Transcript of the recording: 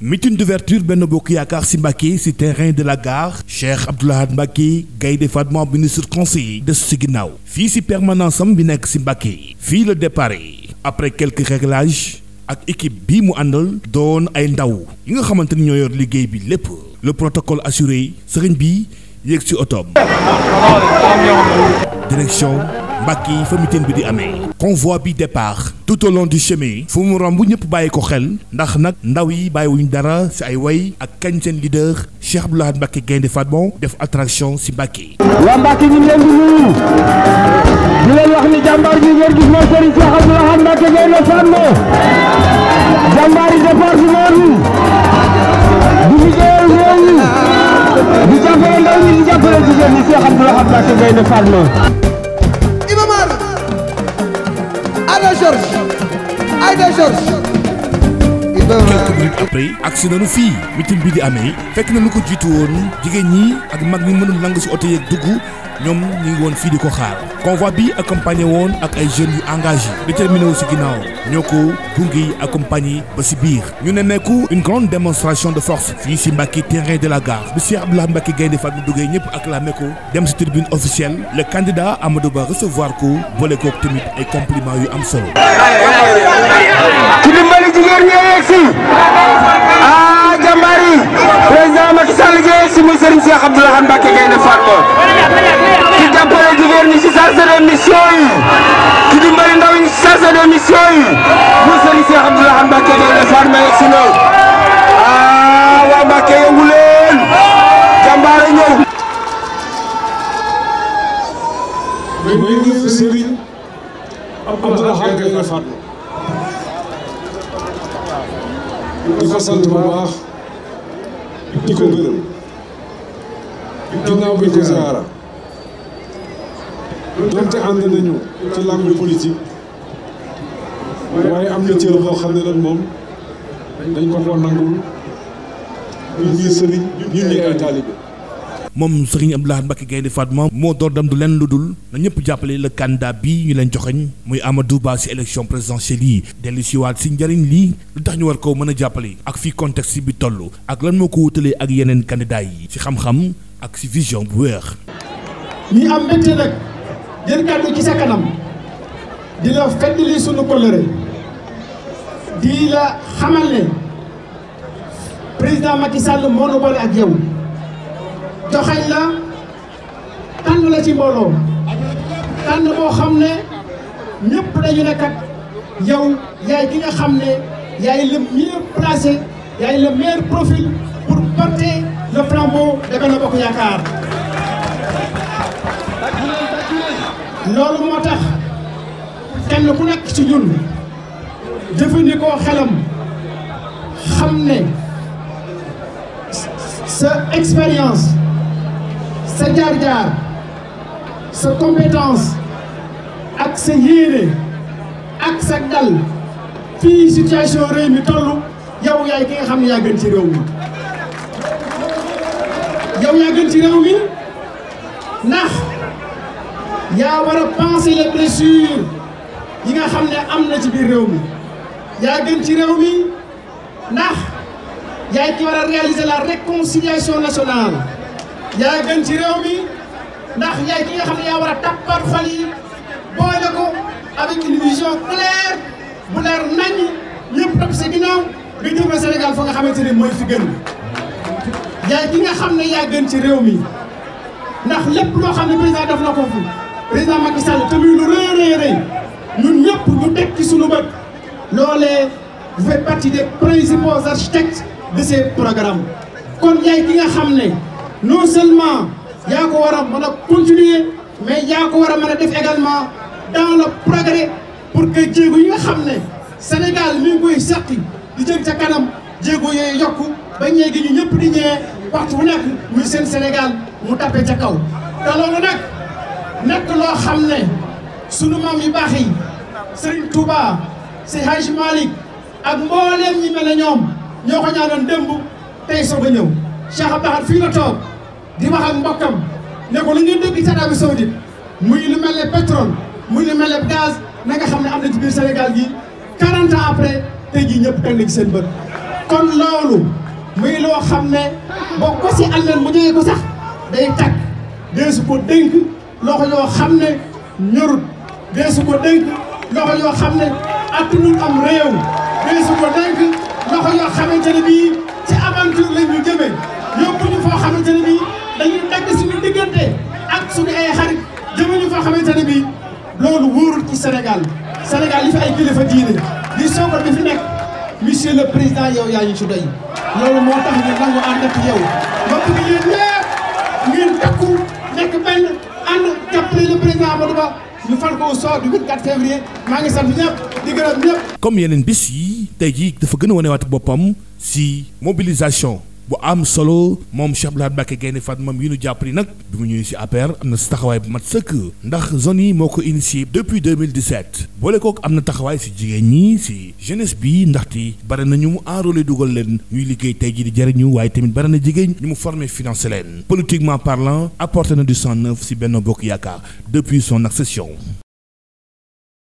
meeting d'ouverture benn Bokk Yaakaar si Mbacké si terrain de la gare Cheikh Abdou Lahad Mbacké Gaynde Fatma ministre conseiller des si ginnaaw fii si permanence bi nekk si Mbacké fii la départ après quelques réglages ak équipe bii mu àndal doon ay ndaw yi nga xamante ni ñoo yor liggéey bi lépp le protocole assuré sëriñ bi yéeg si otoom direction Mbacké fa meeting bi di amee convoi bi départ tout au long du chemin fu mu romb ñëpp bàyyi ko xel ndax nag ndaw yi bàyyiwuñ dara ci ay way ak kañ seen leader Cheikh Abdou Lahad Mbacké Gaïndé Fatma def attraction si Mbacké. di ni jàmbaar bi yi di liggéeyal réew jàppale ndaw ñi di jàppale jigéen ñi Cheikh Abdou Lahad ana Georges Aïda Georges après agsi nañu fii mitin bi di amee fekk na nu ko jiitu woon jigéen ñi ak mag ñi mënul nangu si oto yeeg dugg ñoom ñu woon fii di ko xaar convoi bi accompagné woon ak ay jeunes yu engagé déterminé wu si ginnaaw ñoo ko gunge accompagné ba si biir ñu ne nekku une grande démonstration de force fii si Mbacké terrain de la gare bi Cheikh Abdoulaye Mbacké Gaïndé Fatma duggee ñëpp la ko dem si tribune officielle le candidat Amadou Ba recevoir ko boole kook tamit ay compliments yu am solo ci dimbali jigéen ñee si ah jàmbaar yi président Macky Sall si mu Serigne chargé de mission yi ki di Mbaye Ndaw yi chargé de mission yi mu sëriñ Cheikh Abdoulaye Mbacké de ndeysaan ma yegsi na ah waa Mbacké yëngu leen jàmbaare ñëw mais muy ngi sëriñ Abdoulaye Gaye Fatma di ko sant bu baax di ko gërëm ginnaaw bi ko ziara moom dañ ko koo nangul ñun ñuy sëriñ moo door dem du leen lu dul na ñëpp jàppale la candidat bi ñu leen joxeñ muy Amadou Ba si élection présidentielle yi dellu siwaat waat si njëriñ li lu tax ñu war koo mën a jàppale ak fii contexte bi toll ak lan moo ko wutalee ak yeneen candidat yi si xam-xam ak si vision bu weex ñi am mbégte nag jël kàddu ci sa kanam di la feddali sunu kóllëre di la xamal ne président Macky Sall moo nu boole ak yow joxañ la tànn la ci mbooloo tànn boo xam ne ñëpp dañu ne kat yow yaay ki nga xam ne yaay le mieux placé yaay le meilleur profil pour porter le flambeau Benno Bokk Yaakaar. loolu moo tax kenn ku nekk ci ñun jëfandikoo xelam xam ne sa expérience sa jaar-jaar sa compétence ak sa yéene ak sa dal fii situation réew mi toll yow yaay ki xam ne yaa gën ci réew mi yow yaa gën ci réew mi ndax yaa war a penser les yi nga xam ne am na ci biir réew mi yaa gën ci réew mi ndax yaa ki war a réaliser la réconciliation nationale yaa gën ci réew mi ndax yaa ki nga xam ne yaa war a tappat xol yi boole ko avec une vision claire bu leer nañ ñëpp topp sa ginnaaw nga jëmale Sénégal fa nga xamante ne mooy fi gën yaa ki nga xam ne yaa gën ci réew mi ndax lépp loo xam ne président def na ko fi président ma Sall te muy lu rëy rëy rëy ñun ñëpp ñu teg bët loolee vous faites partie des principaux architectes de ces programmes kon yaay ki nga xam ne non seulement yaa ko war a mën a continuer mais yaa ko war a mën a def également dans le progrès pour que jéego yi nga xam ne Sénégal mi ngi koy di jëm ca kanam jéego yooyu yokku ba ñee gi ñu ñëpp di ñëwee waxtu bu muy seen Sénégal mu tapé ca kaw te loolu nag nekk loo xam ne sunu maam yu baax yi Touba si Hadj Malick ak mbooleem ñi mel ne ñoom ñoo ko ñaanoon démb tey soog a ñëw Cheikh Abdoulaye fii la toog di wax ak mbokkam ne ko lu ñu dégg ci Arabie Saoudite muy lu mel ne muy lu mel ne gaz na nga xam ne am na ci biir Sénégal gi 40 après tey jii ñëpp teg na seen bët. kon loolu muy loo xam ne boo ko si àndal mu ñëwee ko sax day takk dee su ko dénk. loxo yoo xam ne ñorut deesu ko dénk loxo yoo xam ne attunul am réew deesu ko dénk loxo yoo xamante ne bii ci aventure lañ ñu jëmee yóbbu foo xamante ne bii dañuy dagg suñu diggante ak suñu ay xarit jëmee ñu foo xamante ne bii loolu wóorul ci Sénégal Sénégal yi fi ay kilifa diine li sookal bi fi nekk monsieur le président yow yaa ñu ci doy loolu moo tax ñu nangu ànd ak yow mbokk yi yéen ñëpp ngeen Amadou Ba ñu fal ko au soir du 24 février maa ngi sant ñëpp di gërëm ñëpp. comme yeneen bis yi tey jii dafa gën a wanewaat boppam si mobilisation. bu am solo moom Cheikh Abdoul Ahad Mbacké Fatma moom yi nu jàpp nag bi mu ñëwee si APR am na taxawaay bu mat sëkk ndax zone yi moo ko initié depuis 2017 boole kook am na taxawaay si jigéen ñi si jeunesse bi ndaxte bari na ñu mu enrôlé dugal leen ñuy liggéey tey jii di jëriñu waaye tamit bari na jigéen ñu mu formé financé leen politiquement parlant apporté na du 109 si Benno Bokk Yaakaar depuis son accession